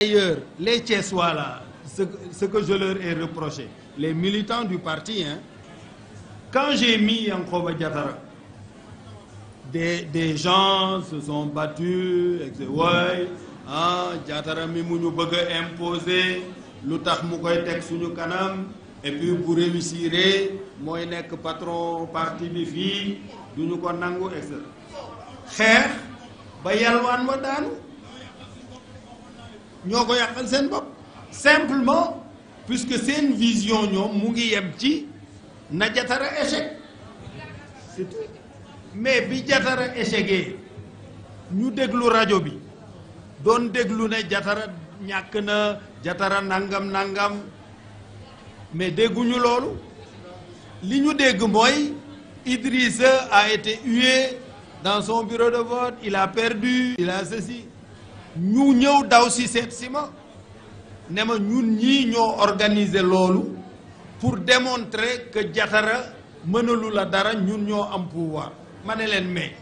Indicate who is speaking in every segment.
Speaker 1: D'ailleurs, les ces là, ce, ce, que je leur ai reproché, les militants du parti, hein, quand mi mis Yankoba Diatara, des, des, gens se sont battus, etc. ah, Diatara mi mu ñu bëgg a imposer lu tax mu koy teg suñu kanam et puis bu réussir mooy nekk patron parti bi fii du ko nangu etc. xeex ba yalwaan ma daanu. ñoo ko yàqal seen bopp simplement puisque seen vision ñoom mu ngi yem ci na jatara échec mais bi jatara échecgee ñu déglu rajo bi doon déglu ne jatara ñàkk na jatara nangam nangam mais dégguñu loolu li ñu dégg mooy Idrissa a été hué dans son bureau de vote il a perdu il a ceci ñu ñëw daw si seet si ma ne ma ñun ñii ñoo organiser loolu pour démontrer k jatara mënalu la dara ñun ñoo am pouvoir ma ne leen mais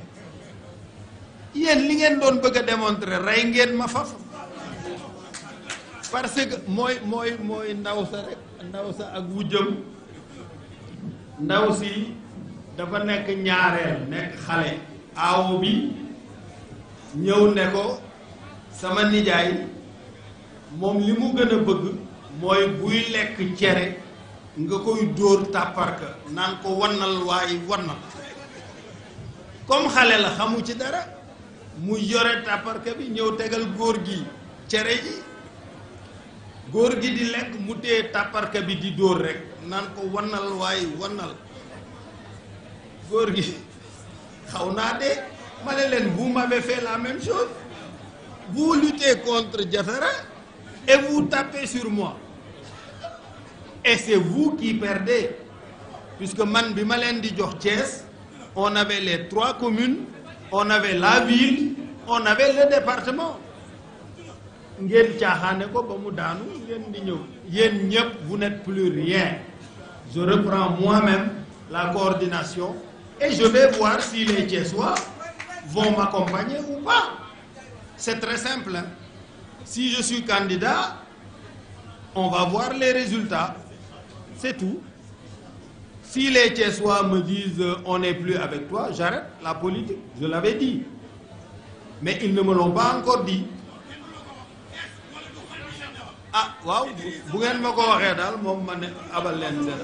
Speaker 1: yéen li ngeen doon bëgg a démontrer rey ngeen ma faf parce que mooy mooy mooy ndaw sa rek ndaw sa ak wujjam ndaw si dafa nekk ñaareel nekk xale aw bi ñëw ne ko sama nijaay moom li mu gën a bëgg mooy buy lekk cere nga koy dóor tàpparka naan ko wannal waaye wannal comme xale la xamu ci dara mu yore tàpparka bi ñëw tegal góor gi cere ji góor gi di lekk mu téye tàpparka bi di dóor rek naan ko wannal waaye wannal góor gi xaw naa de ma ne leen vous m'avez fait la même vous luttez contre Diafara et vous tapez sur moi et c'est vous qui perdez puisque man bi ma leen di jox Thiès on avait les trois communes on avait la ville on avait le département ngeen caaxaane ko ba mu daanu ngeen di ñëw yéen ñëpp vous n'êtes plus rien je reprends moi-même la coordination et je vais voir si les Thiessois vont m'accompagner ou pas C'est très simple. Hein. Si je suis candidat, on va voir les résultats. C'est tout. Si les Thiessois me disent euh, on n'est plus avec toi, j'arrête la politique. Je l'avais dit. Mais ils ne me l'ont pas encore dit. ah waaw bu ngeen ma ko waxee daal moom ma ne abal leen